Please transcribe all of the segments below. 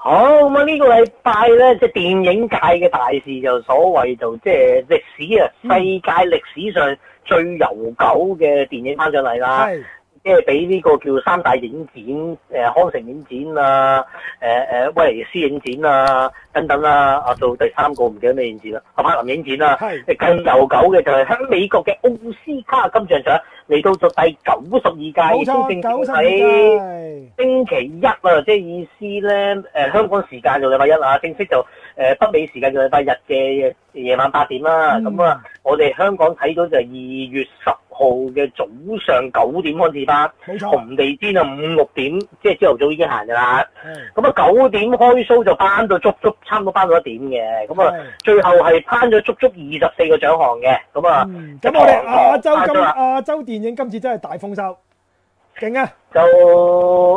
好咁啊，呢、哦，這個禮拜咧，即係電影界嘅大事，就所謂就即係歷史啊，世界歷史上最悠久嘅電影頒獎禮啦。係。即係俾呢個叫三大影展，誒康城影展啊，誒誒威尼斯影展啊，等等啦、啊，啊做第三個唔記得咩影展啦、啊，係嘛林影展啦，係更悠久嘅就係喺美國嘅奧斯卡金像獎嚟到咗第九十二屆，冇錯，九十二屆。星期一啊，即係意思咧，誒香港時間就禮拜一啊，正式就。誒北美時間就係禮拜日嘅夜晚八點啦，咁啊、嗯，我哋香港睇到就係二月十號嘅早上九點開始頒，冇錯、啊，紅地氈啊五六點，即係朝頭早已經行㗎啦。咁啊九點開 show 就頒到足足差唔多頒到一點嘅，咁啊、嗯、最後係頒咗足足二十四個獎項嘅，咁啊、嗯，咁我哋亞洲今亞洲電影今次真係大豐收！勁啊！就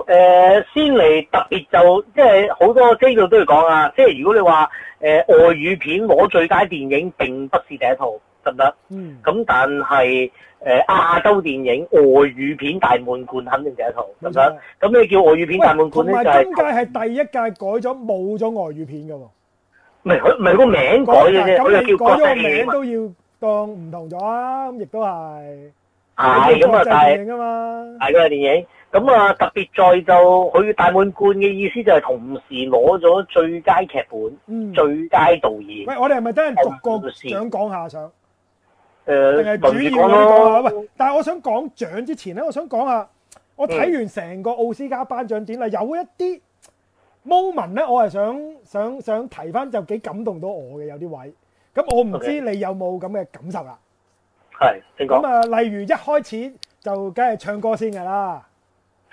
誒，先嚟特別就即係好多資料都要講啊！即係如果你話誒外語片攞最佳電影，並不是第一套得唔得？嗯。咁但係誒亞洲電影外語片大滿貫肯定第一套得唔得？咁咩叫外語片大滿貫咧？同埋今屆係第一屆改咗冇咗外語片噶嘛。唔係佢，唔係個名改嘅啫。我哋叫改咗名都要當唔同咗啊！咁亦都係。係咁啊！但係係嘅電影咁啊，特別在就佢大滿貫嘅意思就係同時攞咗最佳劇本、最佳導演。喂，我哋係咪等人逐個獎講下先？誒，定係主要呢個啊？喂，但係我想講獎之前咧，我想講下，我睇完成個奧斯卡頒獎典禮，有一啲 moment 咧，我係想想想提翻，就幾感動到我嘅有啲位。咁我唔知你有冇咁嘅感受啦。係，咁啊、嗯，例如一開始就梗係唱歌先噶啦。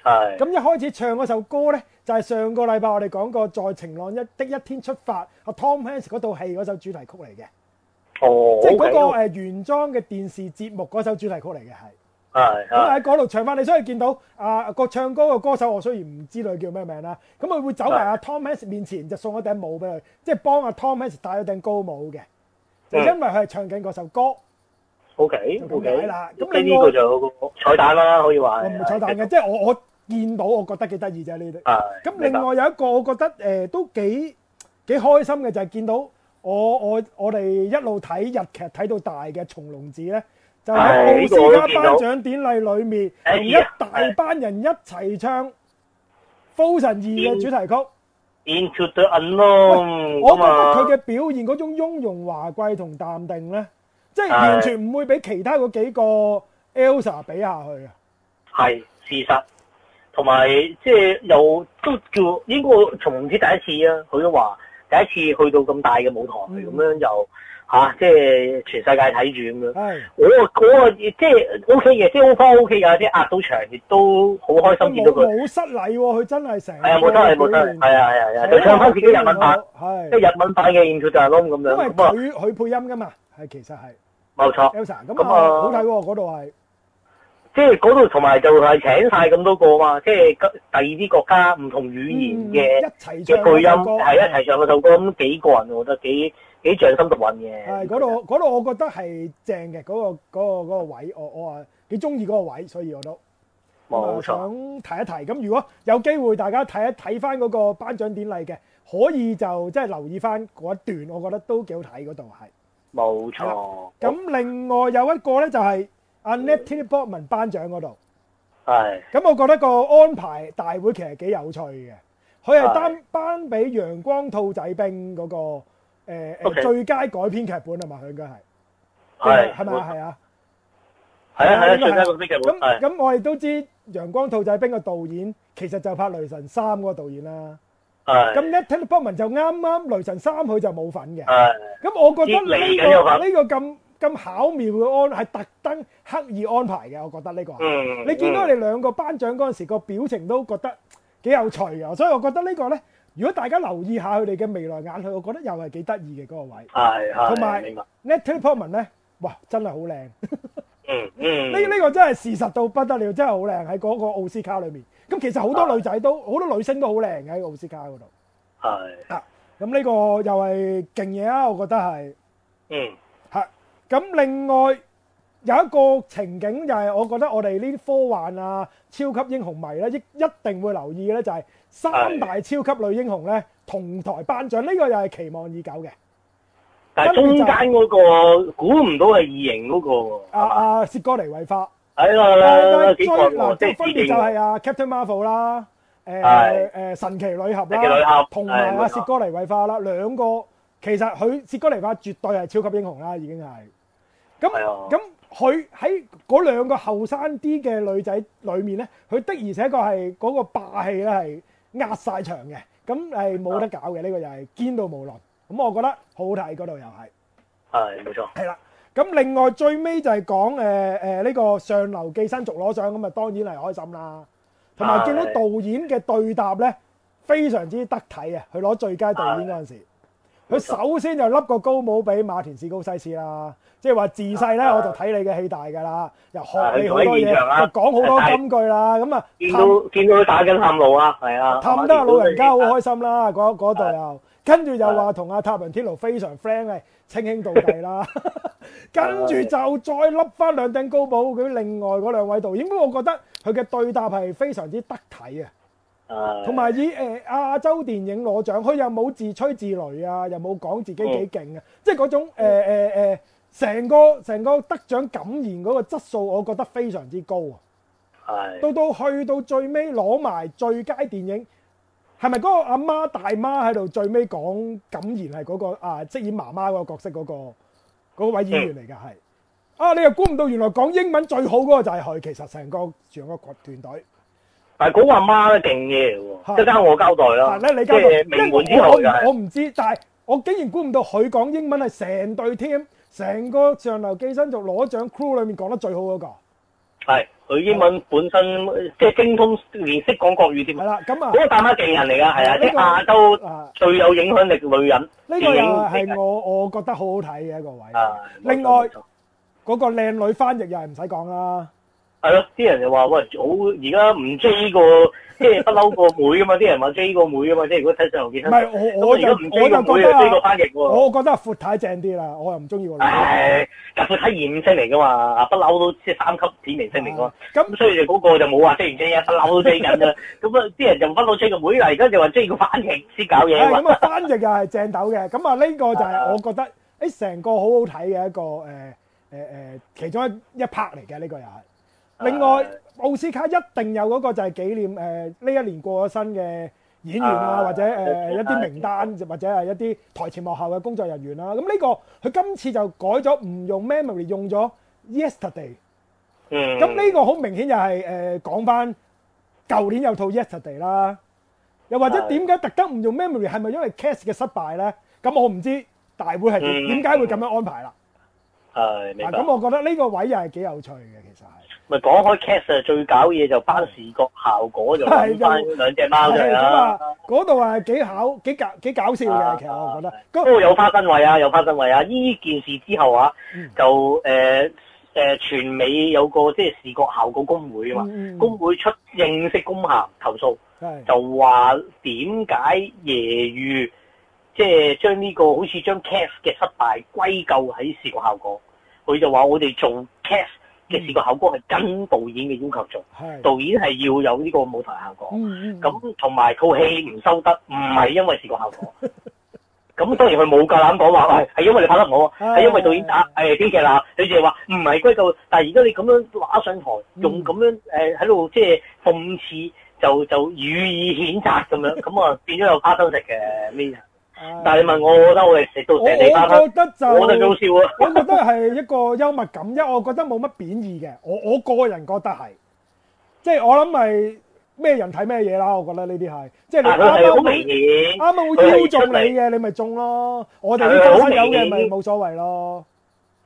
係是，咁一開始唱嗰首歌咧，就係，是，上個禮拜我哋講過，在晴朗一的一天出發，阿 Tom Hanks 嗰套戲嗰首主題曲嚟嘅。哦，即係嗰個原裝嘅電視節目嗰首主題曲嚟嘅，係是。係是。咁喺嗰度唱返，你所以見到阿、啊那個唱歌嘅歌手，我雖然唔知佢叫咩名啦，咁佢會走埋阿 Tom Hanks 面前，是就送一頂帽俾佢，即係幫阿 Tom Hanks 戴咗頂高帽嘅，是就因為佢係唱緊嗰首歌。O K，O K 啦。咁你呢個就有個彩蛋啦，可以話。我唔係彩蛋嘅，即係我我見到，我覺得幾得意啫呢啲。咁另外有一個，我覺得誒都幾幾開心嘅，就係見到我我我哋一路睇日劇睇到大嘅松隆子咧，就喺奧斯卡頒獎典禮裏面同一大班人一齊唱《Frozen II》嘅主題曲。Into the unknown。我覺得佢嘅表現嗰種雍容華貴同淡定咧。即係完全唔會俾其他嗰幾個 Elsa 比下去啊！係事實，同埋即係又都叫應該從唔知第一次啊！佢都話第一次去到咁大嘅舞台咁樣又吓，即係全世界睇住咁樣。係，嗰個嗰個即係 O K 嘅，即係 O K O K 噶，即係壓到場亦都好開心見到佢冇失禮喎！佢真係成日啊！冇失禮，冇失禮，係啊係啊！就唱翻自己日文版，係即係日文版嘅《小豆龍》咁樣，因為佢佢配音噶嘛，係其實係。冇錯，咁啊好睇喎，嗰度係，即係嗰度同埋就係請晒咁多個嘛，即係第二啲國家唔同語言嘅一齊唱係一齊唱個首歌，咁幾過癮，我覺得幾幾匠心獨運嘅。嗰度嗰度，我覺得係正嘅嗰個嗰嗰位，我我啊幾中意嗰個位，所以我都冇錯。想提一提，咁如果有機會大家睇一睇翻嗰個頒獎典禮嘅，可以就即係留意翻嗰一段，我覺得都幾好睇，嗰度係。冇錯，咁另外有一個咧就係 Annette Bockman 頒獎嗰度，係，咁我覺得個安排大會其實幾有趣嘅，佢係單頒俾《陽光兔仔兵》嗰個誒最佳改編劇本啊嘛，佢應該係，係係咪啊？係啊，係係啊，其他嗰啲劇本，咁咁我哋都知《陽光兔仔兵》個導演其實就拍《雷神三》個導演啦。咁 Natalie Portman 就啱啱雷神三佢就冇份嘅。咁的我覺得呢、呢個呢咁咁巧妙嘅安係特登刻意安排嘅，我覺得呢、呢個。嗯、你見到佢哋兩個頒獎嗰陣時個、嗯、表情都覺得幾有趣嘅，所以我覺得個呢個咧，如果大家留意下佢哋嘅未來眼淚我覺得又係幾得意嘅嗰個位。同埋 Natalie Portman 咧，哇，真係好靚。嗯嗯，呢呢個真係事實到不得了，真係好靚喺嗰個奧斯卡裏面。咁其實好多女仔都，好多女星都好靚嘅喺奧斯卡嗰度。係啊，咁呢個又係勁嘢啊！我覺得係。嗯。係。咁另外有一個情景就係我覺得我哋呢啲科幻啊、超級英雄迷咧，一一定會留意嘅咧，就係三大超級女英雄咧同台頒獎，呢個又係期望已久嘅。但係中間嗰個估唔到係異形嗰個喎。阿阿薛歌妮韋花。喺啦啦，追埋、哎，即係分別就係啊 Captain Marvel 啦的，誒誒神奇女俠啦，同埋阿薛哥尼維化啦，的兩個其實佢薛哥尼維化絕對係超級英雄啦，已經係。咁咁佢喺嗰兩個後生啲嘅女仔裡面咧，佢的而且確係嗰個霸氣咧係壓晒場嘅，咁係冇得搞嘅，呢、呢個又係堅到無倫。咁我覺得好睇嗰度又係，係冇錯，係啦。咁另外最尾就係講誒誒呢個《上流寄生族》攞獎，咁啊當然係開心啦。同埋見到導演嘅對答呢，非常之得體啊！佢攞最佳導演嗰陣時，佢首先就笠個高帽俾馬田士高西斯啦，即係話自細呢，我就睇你嘅戲大㗎啦，又學你好多嘢，又講好多金句啦。咁啊，見到見到佢打緊探路啦啊，探得老人家好開心啦，嗰嗰度又。跟住又話同阿塔倫天奴非常 friend 嘅稱兄道弟啦， 跟住就再笠翻兩頂高帽。佢另外嗰兩位導演，因為我覺得佢嘅對答係非常之得體啊，同埋 以誒亞洲電影攞獎，佢又冇自吹自擂啊，又冇講自己幾勁啊。 即係嗰種誒誒成個成個得獎感言嗰個質素，我覺得非常之高啊！係 到到去到最尾攞埋最佳電影。係咪嗰個阿媽，媽大媽喺度最尾講感言？係係嗰、嗰個啊，飾演媽媽嗰個角色嗰、嗰個嗰位演員嚟㗎？係、嗯、啊，你又估唔到原來講英文最好嗰個就係佢。其實成個全個團隊，但係嗰個阿媽都勁嘢，即係我交代啦。即係一啲都唔，我唔知。但係我竟然估唔到佢講英文係成隊添，成個上流寄生族攞獎 crew 裏面講得最好，嗰個講。佢英文本身即係精通，連識講國語添。係啦，咁啊，嗰個大媽勁人嚟噶，係啊，即係、這個、亞洲最有影響力女人。呢個係我我覺得好好睇嘅一個位。啊、另外，嗰個靚女翻譯又係唔使講啦。係咯，啲人就話喂，好，而家唔追呢個即係不嬲個妹啊嘛。啲人話追個妹啊嘛，即係如果睇《神龍健身》唔係我我而家唔追得，女追個翻譯喎。我覺得闊太正啲啦，我又唔中意個。唉，但闊太豔星嚟噶嘛，不嬲都即係三級五星明星嚟噶。咁所以就嗰個就冇話追唔追啊，不嬲都追緊啦。咁啊，啲人就唔不嬲追個妹啦，而家就話追個翻譯先搞嘢。咁翻譯又係正斗嘅。咁啊，呢個就係我覺得誒，成個好好睇嘅一個誒誒誒，其中一一 part 嚟嘅呢個又。另外奧斯卡一定有個就係紀念誒呢、呃、一年過咗身嘅演員啊，或者誒、呃啊、一啲名單，或者係一啲台前幕後嘅工作人員啦。咁呢個佢今次就改咗唔用 memory，用咗 yesterday。嗯。咁呢個好明顯就係誒講翻舊年有套 yesterday 啦。又或者點解特登唔用 memory？係咪因為 Cats 嘅失敗咧？咁我唔知大會係點解會咁樣安排啦。係明白。咁、啊、我覺得呢個位又係幾有趣嘅，其實。咪講開 cast 啊，最搞嘢就包視覺效果就玩返兩隻貓出嚟啦。嗰度啊幾巧幾搞幾搞笑嘅，啊、其實我覺得。都、啊啊、那有花生位啊，有花生位啊！呢件事之後啊，嗯、就誒誒、呃，全美有個即係、就是、視覺效果工會啊嘛，工會出正式公函投訴、嗯，就話點解揶揄即係將呢個好似將 cast 嘅失敗歸咎喺視覺效果？佢就話我哋做 cast。嘅視覺效果係跟導演嘅要求做，導演係要有呢個舞台效果。咁同埋套戲唔收得，唔係因為視覺效果。咁 當然佢冇夠膽啦，講講話係因為你拍得唔好係的因為導演打誒、哎、編劇啦。嗯、你哋話唔係歸咎，但係而家你咁樣畫上台，用咁樣喺度即係諷刺，就就語意譴責咁樣，咁啊 變咗有花生食嘅咩？ 但係你問我，我覺得我哋食到你覺得就，我哋好笑啊！我覺得係一個幽默感，因為我覺得冇乜貶義嘅。我我個人覺得係，即係我諗咪咩人睇咩嘢啦。我覺得呢啲係，即係你啱啱咪啱啱會要中你嘅，你咪中咯。我哋有嘅咪冇所謂咯。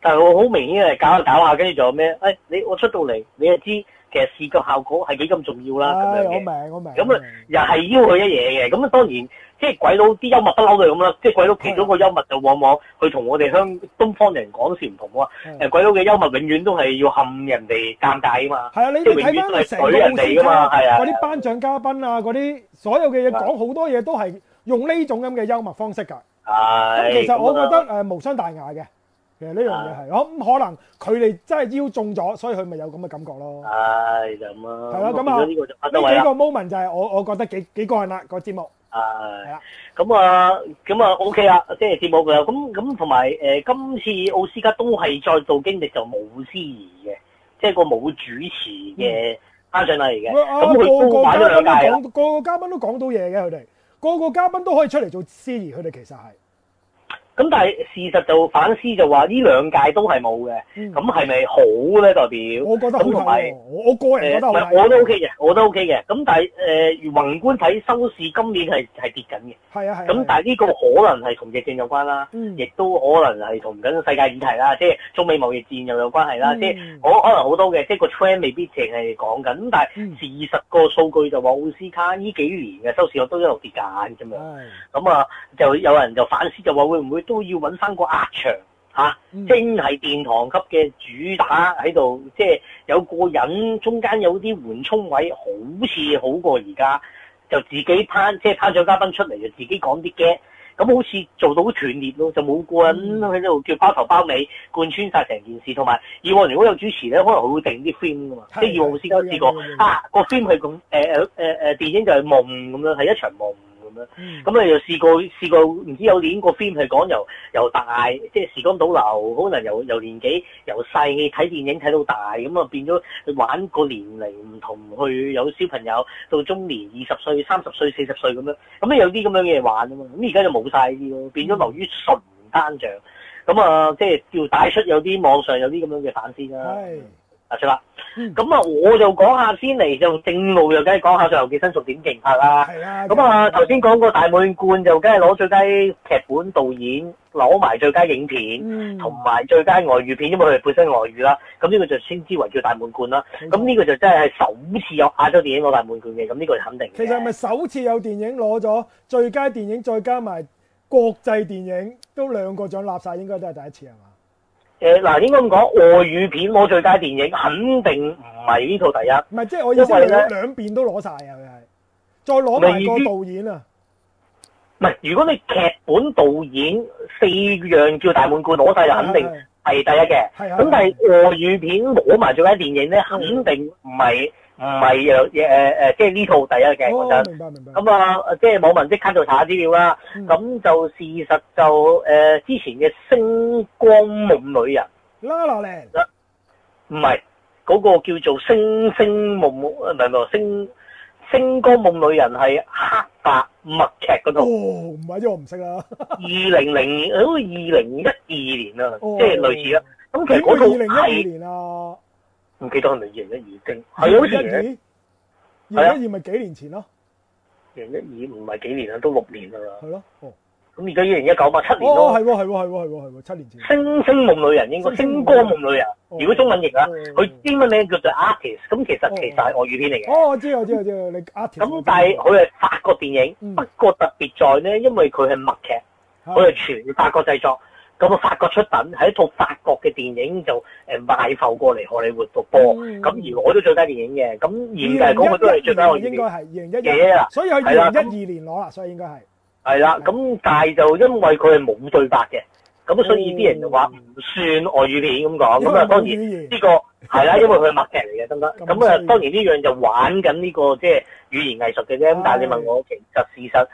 但係我好明顯係搞下搞下，跟住仲有咩？誒，你我出到嚟，你就知其實視覺效果係幾咁重要啦。咁樣嘅，我明我明。咁啊，又係要佢一嘢嘅。咁啊，當然。即係鬼佬啲幽默不嬲都係咁啦，即係鬼佬其中個幽默就往往佢同我哋香東方人講都算唔同喎。誒鬼佬嘅幽默永遠都係要陷人哋尷尬啊嘛。係啊，你哋睇翻佢成個故事啊，嗰啲頒獎嘉賓啊，嗰啲所有嘅嘢講好多嘢都係用呢種咁嘅幽默方式㗎。係咁，其實我覺得誒無傷大雅嘅，其實呢樣嘢係。咁可能佢哋真係腰中咗，所以佢咪有咁嘅感覺咯。係咁啊。係咯，咁啊，呢幾個 moment 就係我我覺得幾幾過癮啦個節目。啊，咁啊、uh, 的，咁啊，OK 啦，即係節目嘅，咁咁同埋誒，今次奧斯卡都係再做經歷就冇司儀嘅，即、就、係、是、個冇主持嘅頒獎禮嚟嘅，咁佢、嗯啊、都擺咗兩屆啦。各個個嘉賓都講到嘢嘅，佢哋，個個嘉賓都可以出嚟做司儀，佢哋其實係。咁、嗯、但係事實就反思就話、嗯、呢兩屆都係冇嘅，咁係咪好咧？代表我覺得同係，有我個人覺得唔我都 O K 嘅，我都 O K 嘅。咁、OK、但係誒、呃，宏觀睇收視今年係係跌緊嘅，啊咁、啊、但係呢個可能係同疫症有關啦，亦都、嗯、可能係同緊世界議題啦，即係中美貿易戰又有關係啦、嗯，即係我可能好多嘅，即 r 個趨勢未必淨係講緊。咁但係事實個數據就話奧斯卡呢幾年嘅收視我都一路跌緊咁唉樣咁啊，就有人就反思就話會唔會？都要揾翻個壓場嚇，嗯、真係殿堂級嘅主打喺度，即係有個人中間有啲緩衝位，好似好過而家就自己攀，即係攀咗嘉賓出嚟就自己講啲 gag，咁好似做到好斷裂咯，就冇個人喺度叫包頭包尾貫穿晒成件事，同埋以往如果有主持咧，可能佢會定啲 film 噶嘛，的即係以往我試過、嗯、啊個 film 係咁誒誒誒誒電影就係夢咁樣，係一場夢。咁你咁又試過試過，唔知有年個 film 係講由由大，即係時光倒流，可能由由年紀由細睇電影睇到大，咁啊變咗玩個年齡唔同，去有小朋友到中年歲，二十歲、三十歲、四十歲咁樣，咁你有啲咁樣嘅嘢玩啊嘛，咁而家就冇晒啲咯，變咗流於純單像，咁啊即係叫帶出有啲網上有啲咁樣嘅反思、啊。啦。啦，咁啊、嗯，我就講下先嚟就正路，又梗係講下《最後寄生屬點勁拍啦。咁啊，頭先講過大滿貫就梗係攞最佳劇本導演，攞埋最佳影片，同埋、嗯、最佳外語片，因為佢哋本身外語啦。咁呢個就稱之為叫大滿貫啦。咁呢、嗯、個就真係首次有亞洲電影攞大滿貫嘅，咁呢個就肯定。其實係咪首次有電影攞咗最佳電影，再加埋國際電影都兩個獎攬晒應該都係第一次係嘛？誒，嗱，應該咁講，外語片攞最佳電影，肯定唔係呢套第一。唔、啊、即係我意思係兩邊都攞晒、啊，啊！係，再攞埋個導演啊！唔係，如果你劇本導演四樣叫大滿貫攞晒，就肯定係第一嘅。咁、啊啊啊、但係外語片攞埋最佳電影咧，啊、肯定唔係。唔係誒誒，即係呢套第一嘅，哦、我想就咁啊，即係網民即刻就查下資料啦。咁、嗯、就事實就誒、呃，之前嘅、那個《星光夢女人》拉落嚟，唔係嗰個叫做《星星夢夢》，唔係冇《星星光夢女人》係黑白默劇嗰套，唔係，因為我唔識啊。二零零，好似二零一二年啊，即係類似啦。咁其實嗰套係。唔記得係咪二零一二經，係啊，二一二，二一二咪幾年前咯。二零一二唔係幾年啊，都六年啦。係咯，咁而家二零一九嘛，七年咯。係喎，係喎，係七年前。星星夢裡人應該，星光夢裡人。如果中文譯啊，佢英文名叫做 artist，咁其實其實係外語片嚟嘅。哦，我知我知我知，你 artist，咁但係佢係法國電影，不過特別在咧，因為佢係默劇，佢係全法國製作。咁法國出品係一套法國嘅電影，就誒賣埠過嚟荷里活度播，咁而我都最睇電影嘅，咁而現在嗰個都係最睇外語片嘅啦。所以係二零一二年攞啦，所以應該係係啦，咁但係就因為佢係冇對白嘅，咁所以啲人就話唔算外語片咁講。咁啊，當然呢個係啦，因為佢係默劇嚟嘅得唔得？咁啊，當然呢樣就玩緊呢個即係語言藝術嘅啫。但係你問我，其實事實。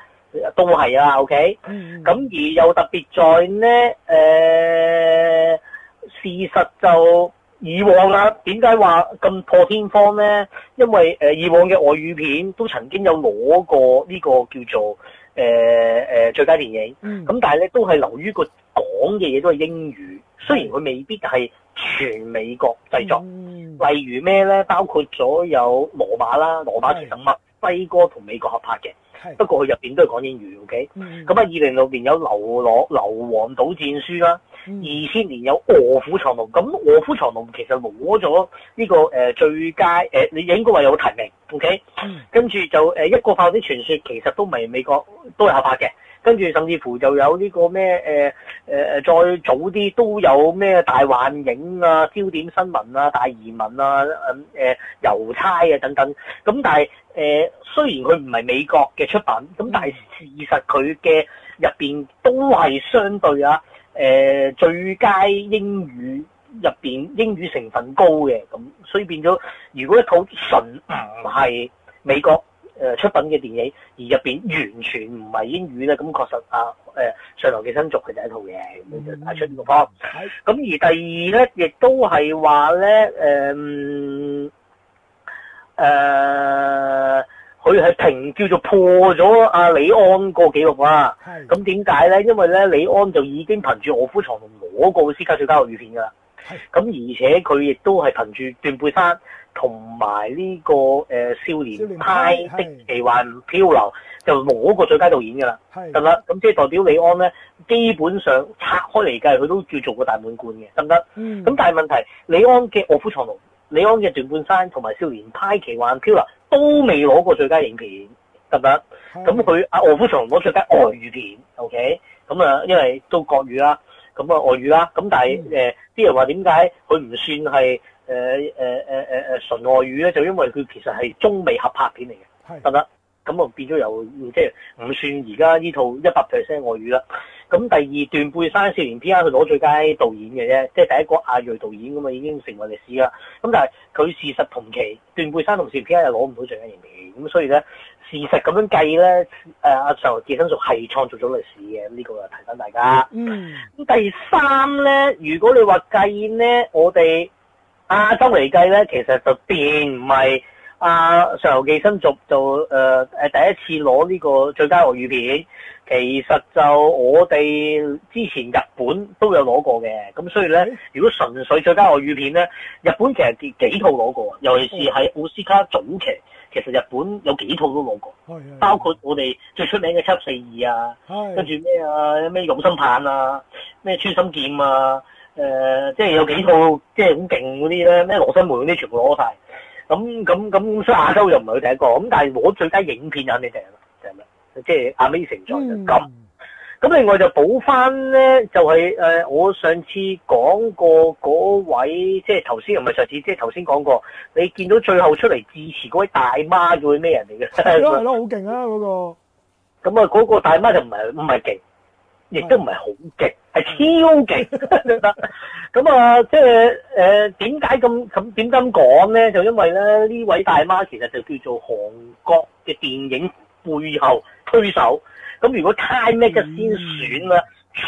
都係啊，OK、mm。咁、hmm. 而又特別在呢，誒、呃、事實就以往啦，點解話咁破天荒呢？因為、呃、以往嘅外語片都曾經有攞過呢個叫做誒、呃呃、最佳電影。咁、mm hmm. 但係咧都係留於個講嘅嘢都係英語，雖然佢未必係全美國製作。Mm hmm. 例如咩呢？包括咗有羅馬啦，羅馬其實墨西哥同美國合拍嘅。是不過佢入邊都係講英語，O K。咁、okay? 啊、mm，二零六年有《硫磺島戰書》啦，二千年有臥《臥虎藏龍》。咁《臥虎藏龍》其實攞咗呢個誒、呃、最佳誒、呃，你應該話有個提名，O K。Okay? Mm hmm. 跟住就誒、呃《一個快樂的傳說》，其實都未美國都合法嘅。跟住甚至乎就有呢個咩誒誒誒再早啲都有咩《大幻影》啊、《焦點新聞》啊、《大移民》啊、誒、呃、誒《郵差》啊，等等。咁、嗯、但係誒、呃、雖然佢唔係美國嘅出品，咁但係事實佢嘅入邊都係相對啊誒、呃、最佳英語入邊英語成分高嘅咁、嗯，所以變咗如果一套純唔係美國。誒出品嘅電影，而入邊完全唔係英語咧，咁確實啊誒、呃《上流寄生族》佢、嗯、就係一套嘢，咁就出呢個榜。咁而第二咧，亦都係話咧誒誒，佢係憑叫做破咗阿、啊、李安個紀錄啦。咁點解咧？因為咧李安就已經憑住《卧虎藏龍》攞過奧斯卡最佳外語片㗎啦。咁，而且佢亦都係憑住《斷背山》，同埋呢個誒、呃、少年派的奇幻漂流就攞過最佳導演㗎啦，得啦。咁即係代表李安咧，基本上拆開嚟計，佢都叫做過大滿貫嘅，得唔得？咁、嗯、但係問題，李安嘅卧虎藏龍、李安嘅斷背山同埋少年派奇幻漂流都未攞過最佳影片，得唔得？咁佢阿卧虎藏龍攞最佳外語片，OK？咁啊，因為都國語啦，咁、嗯、啊外語啦。咁但係啲、呃嗯、人話點解佢唔算係？誒誒誒誒純外語咧，就因為佢其實係中美合拍片嚟嘅，得啦的，咁啊變咗又即係唔算而家呢套一百 percent 外語啦。咁、嗯、第二，《斷背山》、《少年 Pi》去攞最佳導演嘅啫，即係第一個亞裔導演咁啊，已經成為歷史啦。咁但係佢事實同期《斷背山》同《少年 Pi》又攞唔到最佳影片，咁所以咧，事實咁樣計咧，誒阿常健生熟係創造咗歷史嘅，呢、呢個就提醒大家。嗯。咁第三咧，如果你話計呢，我哋。亞洲嚟計咧，其實就變唔係《啊，上流寄生族就。就、呃、誒第一次攞呢個最佳外語片。其實就我哋之前日本都有攞過嘅，咁所以咧，如果純粹最佳外語片咧，日本其實幾套攞過，尤其是喺奧斯卡早期，其實日本有幾套都攞過，是是是包括我哋最出名嘅《七四二》啊，是是跟住咩啊，咩《用心棒》啊，咩《穿心劍》啊。誒、呃，即係有幾套，即係好勁嗰啲咧，咩羅生門嗰啲全部攞晒。咁咁咁，那那所以亞洲又唔係去睇過。咁但係我最佳影片肯定就係、是、咩即係《阿美的承載》咁。咁另外就補翻咧，就係、是、誒、呃，我上次講過嗰位，即係頭先又唔係上次，即係頭先講過，你見到最後出嚟支持嗰位大媽叫佢咩人嚟嘅？係咯係咯，好勁 啊嗰、那個！咁啊，嗰個大媽就唔係唔係勁，亦都唔係好勁。超勁咁啊！即係誒，點解咁咁點咁講咧？就因為咧，呢位大媽其實就叫做韓國嘅電影背後推手。咁如果 time make 嘅先選啦，全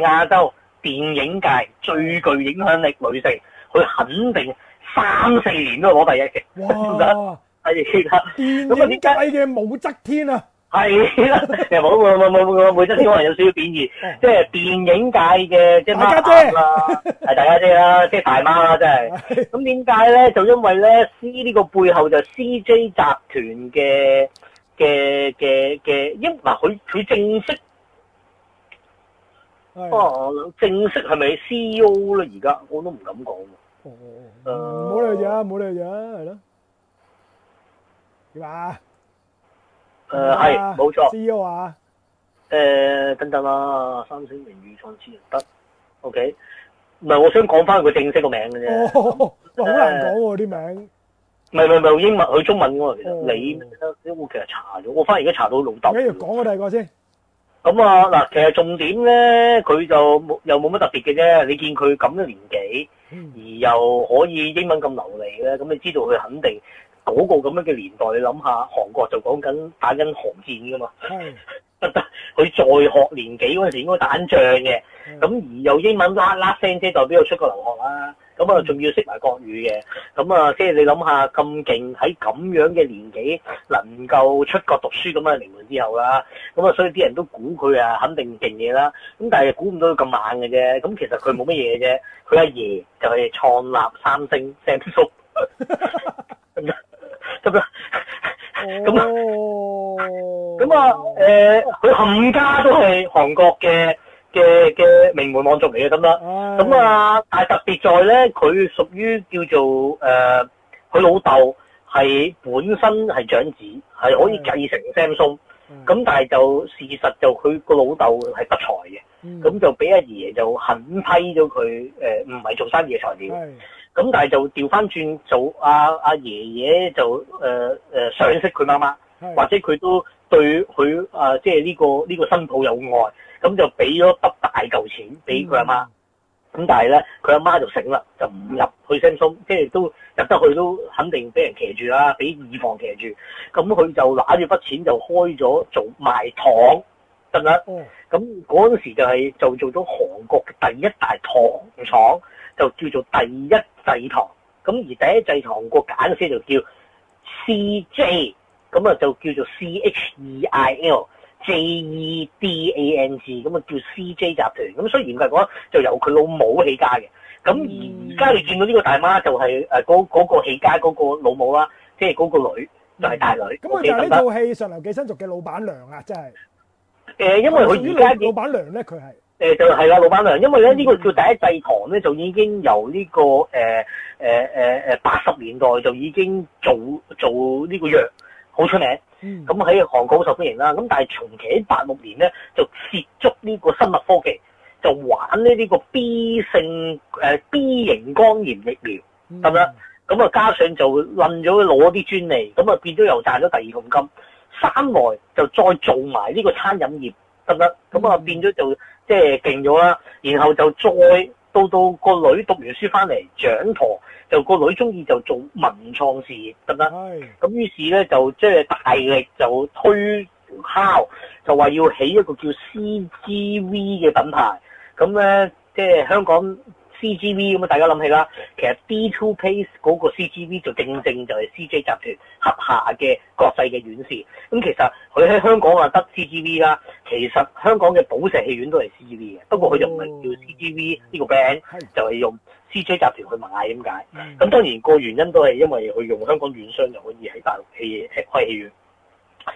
亞洲電影界最具影響力女性，佢肯定三四年都係攞第一嘅。哇！係啊 的，咁啊，電影界嘅武則天啊！係啦，冇冇冇冇冇冇，每則新聞有少少貶義，即係 電影界嘅即係，大家姐啦，係、就是、大家姐啦，即係大媽啦，真係。咁點解咧？ 就因為咧，C 呢個背後就 CJ 集團嘅嘅嘅嘅，因為，嗱，佢佢正式哦的、啊，正式係咪 CEO 啦？而家我都唔敢講。哦，唔、呃、唔好理住啊，唔好理住啊，係咯，點誒係冇錯，知啊嘛，誒等等啊，三星名譽創始人得，OK，唔係我想講翻佢正式個名嘅啫，好難講喎啲名，唔係唔係唔係用英文，佢中文噶嘛，其實你咧，因為我其實查咗，我反而而家查到老豆，跟住講我個大個先，咁啊嗱，其實重點咧，佢就冇又冇乜特別嘅啫，你見佢咁嘅年紀，而又可以英文咁流利咧，咁你知道佢肯定。嗰個咁樣嘅年代，你諗下，韓國就講緊打緊韓戰噶嘛？佢、mm. 在學年紀嗰陣時應該打緊仗嘅。咁、mm. 而又英文拉拉聲，即、mm. 代表佢出國留學啦。咁啊，仲要識埋國語嘅。咁、嗯、啊，即係你諗下咁勁，喺咁樣嘅年紀能夠出國讀書，咁嘅名門之後啦。咁啊，所以啲人都估佢啊，肯定勁嘢啦。咁但係估唔到佢咁猛嘅啫。咁其實佢冇乜嘢嘅啫。佢阿爺就係創立三星 Samsung。咁啊，咁啊、哦，誒，佢冚、呃、家都係韓國嘅嘅嘅名門望族嚟嘅咁啦。咁啊的，但係特別在咧，佢屬於叫做誒，佢、呃、老豆係本身係長子，係可以繼承 Samsung。咁的但係就事實就佢個老豆係不才嘅，咁、嗯、就俾阿爺爺就狠批咗佢唔係做生意嘅材料。咁但係就調翻轉做阿，阿爺爺就誒、誒賞識佢媽媽，或者佢都對佢啊，即係呢個呢個新抱有愛，咁就俾咗筆大嚿錢俾佢阿媽。咁但係咧，佢阿媽就醒啦，就唔入去 Samsung，即係都入得去都肯定俾人騎住啦，俾二房騎住。咁佢就拿住筆錢就開咗做賣糖，得唔得？咁嗰陣時就係、是、就做咗韓國嘅第一大糖廠，就叫做第一製糖，咁而第一製糖個簡稱就叫 CJ，咁啊就叫做 C H、E、I L J E D A N G，咁啊叫 CJ 集團，咁所以嚴格講就由佢老母起家嘅，咁而家你見到呢個大媽就係誒嗰嗰個起家嗰個老母啦，即係嗰個女就係、是、大女。咁、嗯、就呢套戲《上流寄生族》嘅老闆娘啊，真係。誒、呃，因為佢而家老闆娘咧，佢係。誒、嗯、就係、是、啦，老闆娘，因為咧呢、這個叫第一祭堂咧，就已經由呢、這個誒誒誒誒八十年代就已經做做呢個藥，好出名。咁喺韓國好受歡迎啦。咁但係從其喺八六年咧就涉足呢個生物科技，就玩呢啲個 B 性誒、呃、B 型肝炎疫苗，得啦。咁啊、嗯嗯、加上就攆咗攞啲專利，咁啊變咗又賺咗第二桶金。三來就再做埋呢個餐飲業，得啦。咁啊變咗就。即係勁咗啦，然後就再到到個女讀完書翻嚟掌舵，就個女中意就做文創事業得啦。咁於是咧就即係、就是、大力就推敲，就話要起一個叫 CGV 嘅品牌。咁咧即係香港。C G V 咁啊！大家諗起啦，其實 D Two p a c e 嗰個 C G V 就正正就係 C J 集團轄下嘅國際嘅院線。咁其實佢喺香港啊得 C G V 啦。其實香港嘅寶石戲院都係 C G V 嘅，不過佢就唔係叫 C G V 呢個 brand< 是>，就係用 C J 集團去賣。咁解？咁當然個原因都係因為佢用香港院商就可以喺大陸戲、呃、開戲院。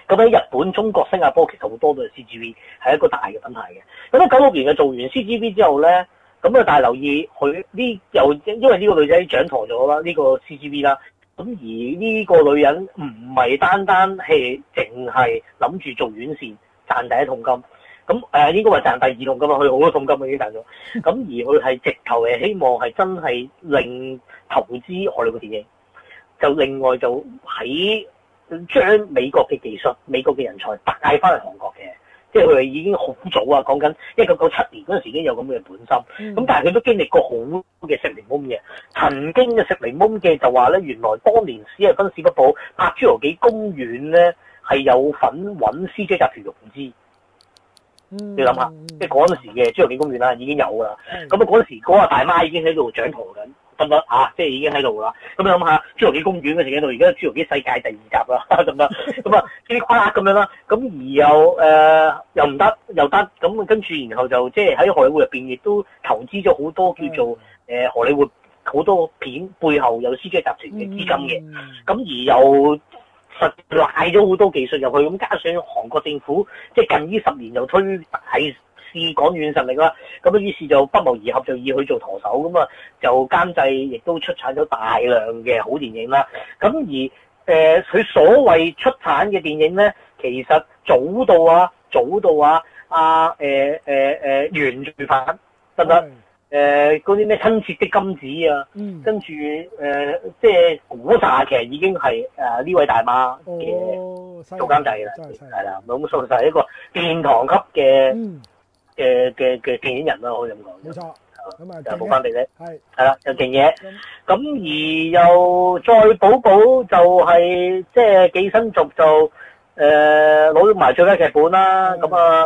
咁喺日本、中國、新加坡其實好多都係 C G V，係一個大嘅品牌嘅。咁喺九六年嘅做完 C G V 之後咧。咁啊！但係留意佢呢？又因為呢個女仔掌舵咗啦，呢個 C G V 啦。咁而呢個女人唔係單單係淨係諗住做院線賺第一桶金，咁誒應該話賺第二桶金啦。佢好多桶金已經賺咗。咁而佢係直頭係希望係真係令投資韓國嘅電影，就另外就喺將美國嘅技術、美國嘅人才帶翻去韓國嘅。即係佢哋已經好早啊！講緊一九九七年嗰陣時已經有咁嘅本心，咁、嗯、但係佢都經歷過好嘅食檸檬嘅，曾經嘅食檸檬嘅就話咧，原來當年史提芬史匹堡，拍《侏羅紀公園》呢咧係有份揾私車集團融資、嗯、你諗下，嗯、即係嗰陣時嘅《侏羅紀公園》啦，已經有㗎啦。咁啊、嗯，嗰陣時嗰個大媽已經喺度掌舵緊。分啦、啊、即係已經喺度啦。咁你諗下《侏羅紀公園》嗰時喺度，而家《侏羅紀世界》第二集啦咁、 啊、樣。咁啊，噼里啪啦咁樣啦。咁而又誒、呃、又唔得又得，咁跟住然後就，然後就即係喺荷里活入邊亦都投資咗好多叫做誒、呃、荷里活好多片背後有 CJ 集團嘅資金嘅。咁而又實帶咗好多技術入去，咁加上韓國政府即係近呢十年又推大。是講軟實力啦，咁啊於是就不謀而合，就以佢做舵手咁啊，就監製亦都出產咗大量嘅好電影啦。咁而誒佢、呃、所謂出產嘅電影咧，其實早到啊，早到啊，啊，誒誒誒原罪犯得唔得？誒嗰啲咩親切的金子啊，mm. 跟住誒即係古扎，其實已經係誒呢位大媽嘅做監製啦，係啦、oh，咁數實係一個殿堂級嘅。Mm. 嘅嘅嘅競演人啦，可以咁講。冇錯，咁啊就補翻俾你。係係啦，又勁嘢。咁而又再補補就係即係《寄生族》，就誒攞埋最佳劇本啦。咁啊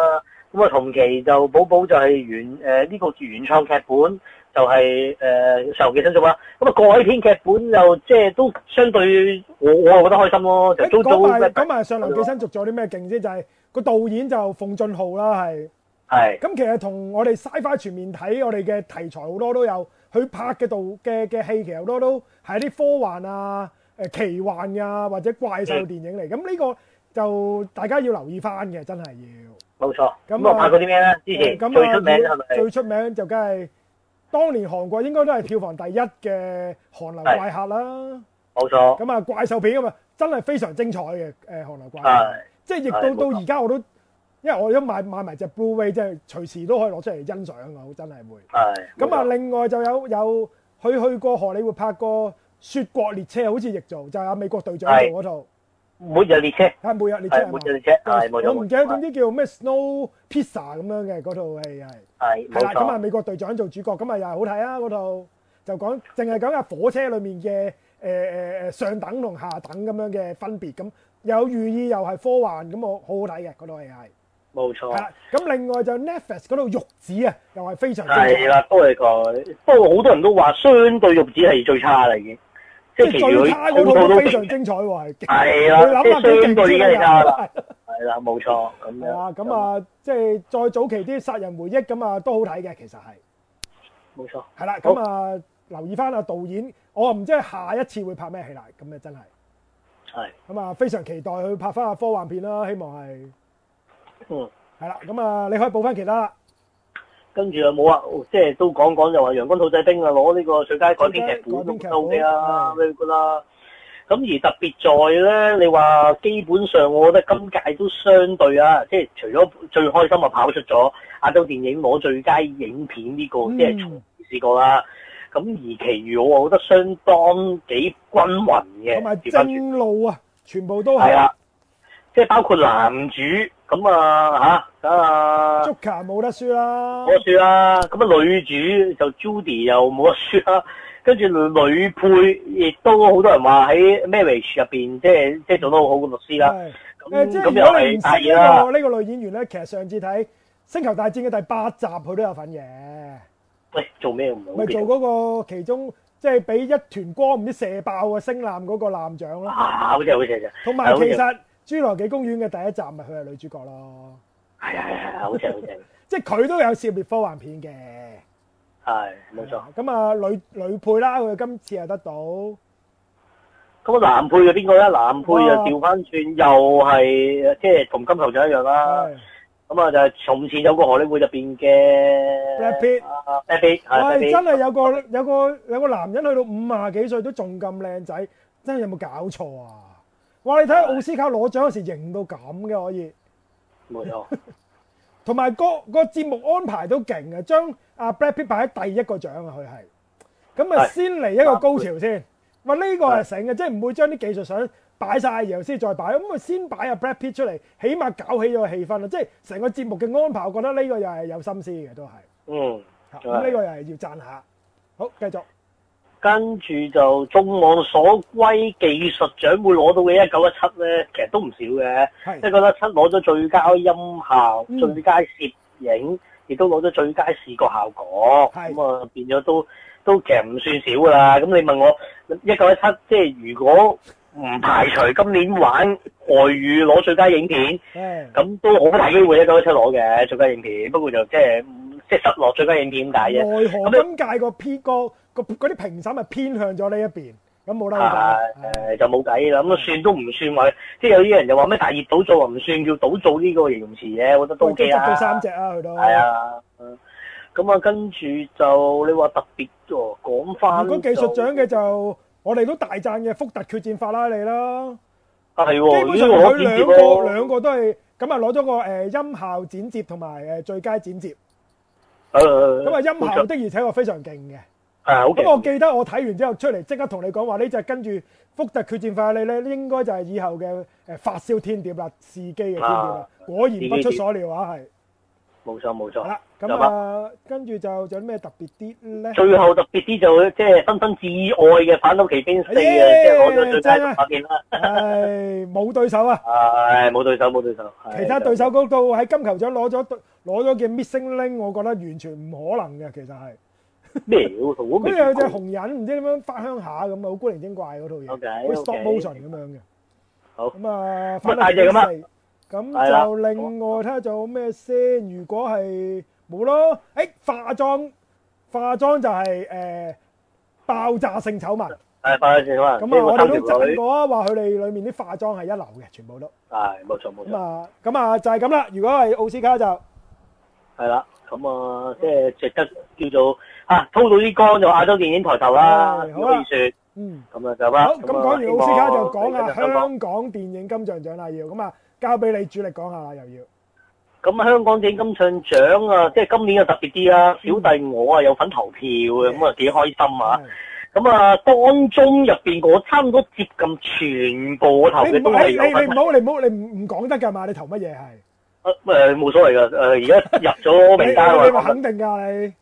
咁啊同期就補補就係原誒呢個原創劇本就係誒《上流寄生族》啦。咁啊，改編劇本又即係都相對我我又覺得開心咯。誒，講埋講埋《上流寄生族》仲有啲咩勁先？就係個導演就奉俊昊啦，係。係，咁其實同我哋 Sci-Fi 全面睇，我哋嘅題材好多都有，佢拍嘅度嘅嘅戲其實好多都係啲科幻啊、誒奇幻啊或者怪獸電影嚟。咁呢的個就大家要留意翻嘅，真係要。冇錯錯。咁、啊、我拍過啲咩咧？之前、嗯啊、最出名係咪？最出名就梗係當年韓國應該都係票房第一嘅、啊《韓流怪客》啦的。冇錯。咁啊，怪獸片啊嘛，真係非常精彩嘅。誒，《韓流怪客》，即係，亦到到而家我都。因為我都買買埋隻 Blu-ray 即係隨時都可以攞出嚟欣賞我真係會。係。咁啊，另外就有有佢去,去過荷里活拍過《雪國列車》，好似亦做，就係、是、美國隊長嗰套是、嗯、每日列車。係每日列車每日列車。係每日列車。我唔記得總之是叫咩 Snow Pizza 咁樣嘅嗰套戲係。係。係啦，咁啊美國隊長做主角，咁啊又係好睇啊嗰套，就講淨係講下火車裡面嘅誒誒誒上等同下等咁樣嘅分別，咁有寓意又係科幻，咁我好好睇嘅嗰套戲係。冇錯，係啦。咁另外就 Netflix 嗰套玉子啊，又係非常精彩。係啦，都係佢。不過好多人都話相對玉子係最差喇已經，即係最差嗰套都非常精彩。係啦，最衰嘅依家係啦，冇錯。係啊，咁啊，即係再早期啲《殺人回憶》咁啊都好睇嘅，其實係。冇錯。係啦，咁啊留意翻啊導演，我啊唔知下一次會拍咩戲啦。咁啊真係係。咁啊，非常期待去拍翻啊科幻片啦，希望係。嗯，係啦，咁啊，你可以報翻其他啦。跟住又冇、哦、啊，即係都講講就話《陽光兔仔兵》啊，攞呢個最佳改編劇本都 OK 啦。咁、嗯嗯、而特別在咧，你話基本上，我覺得今屆都相對啊，即係除咗最開心啊，跑出咗亞洲電影攞最佳影片呢，這個，嗯，即係從試過啦，啊。咁而其餘我我覺得相當幾均勻嘅，同埋正路啊，的全部都係即係包括男主咁啊嚇，咁啊，Joker 冇得輸啦，冇得輸啦。咁啊女主就 Judy 又冇得輸啦，跟住女配亦都好多人話喺 Marriage 入邊，即係即係做得好好嘅律師啦。咁咁又係大嘢啦。呢個呢個女演員咧，其實上次睇《星球大戰》嘅第八集，佢都有份嘅。喂，做咩唔好？咪做嗰個其中，即係俾一團光唔知射爆啊星艦嗰個艦長咯。啊，嗰隻嗰隻嗰隻，有嘢。侏羅紀公園嘅第一集咪佢係女主角咯，係啊係啊係啊，好正好正，即係佢都有涉獵科幻片嘅，係冇錯。咁啊女女配啦，佢今次係得到。咁啊男配嘅邊個咧？男配就調翻轉，又係即係同金球獎一樣啦。咁啊就係從前有個荷里活入邊嘅。阿 Pitt，Pitt，哇！真係有個有個有個男人去到五廿幾歲都仲咁靚仔，真係有冇搞錯啊？我你睇奧斯卡攞獎嗰時，型到咁嘅可以，冇錯。同埋 個個節目安排都勁啊，將阿 Brad Pitt 擺喺第一個獎啊，佢係。咁啊，先嚟一個高潮先。哇的，呢個係成嘅，即係唔會將啲技術獎擺晒，然後先再擺。咁啊，先擺阿 Brad Pitt 出嚟，起碼搞起咗個氣氛咯。即係成個節目嘅安排，我覺得呢個又係有心思嘅，都係。嗯。吓，咁呢個又係要讚下。好，繼續。跟住就眾望所歸，技術獎會攞到嘅一九一七咧，其實都唔少嘅。一九一七攞咗最佳音效、嗯、最佳攝影，亦都攞咗最佳視覺效果。咁啊是變咗都都其實唔算少噶啦。咁你問我一九一七，17，即係如果唔排除今年玩外語攞最佳影片，咁、嗯、都好大機會一九一七攞嘅最佳影片。不過就即係即係失落最佳影片咁解啫。外行今屆個 P 哥。個嗰啲評審係偏向咗呢一邊咁冇啦，誒就冇計啦。咁啊，算都唔算話，即係、啊、有啲人就話咩大熱倒做，唔算叫倒做呢個形容詞嘅。我覺得多幾隻佢三隻啊，佢都係啊。咁啊，嗯、跟住就你話特別喎，講翻講技術獎嘅就我哋都大讚嘅，福特決戰法拉利啦，係、啊啊、基本上佢兩個兩個都係咁啊，攞咗個誒音效剪接同埋誒最佳剪接。咁啊，啊音效的而且確非常勁嘅。咁、啊、我記得我睇完之後出嚟，即刻同你講話，呢隻跟住《福特決戰法拉利》咧，應該就係以後嘅誒發燒天碟啦，試機嘅天碟啦，果然不出所料啊，係，冇錯冇錯。咁啊，啊，跟住就仲有啲咩特別啲咧？最後特別啲就即、是、係《真心至愛》嘅《反斗奇兵即係我最最加啦。係冇對手啊！係冇對手冇對手。對手其他對手嗰度喺金球獎攞咗攞咗嘅 Missing Link，我覺得完全唔可能嘅，其實係。咩？跟住有隻紅人，唔知點樣發鄉下咁啊！好古靈精怪嗰套嘢，佢 stop motion 咁樣嘅。好。咁啊，發大隻咁啊。咁就另外睇下做咩先？如果係冇咯，誒化妝，化妝就係誒爆炸性醜聞。係爆炸性醜聞。咁啊，我哋都贊過啊，話佢哋裡面啲化妝係一流嘅，全部都。係，冇錯冇錯。咁啊，咁啊就係咁啦。如果係奧斯卡就係啦，咁啊即係值得叫做。啊，通到啲光就亞洲電影抬頭啦，可以説。嗯，咁啊就啦。好，咁講完奧斯卡就講啦。香港電影金像獎啦，要咁啊，交俾你主力講下又要。咁香港電影金像獎啊，即係今年又特別啲啦。小弟我啊有份投票嘅，咁啊幾開心啊！咁啊當中入邊我差唔多接近全部個投嘅都係。你唔好，你唔好，你唔唔講得㗎嘛？你投乜嘢係？誒冇所謂㗎。誒而家入咗名單啦嘛。你你話肯定㗎你？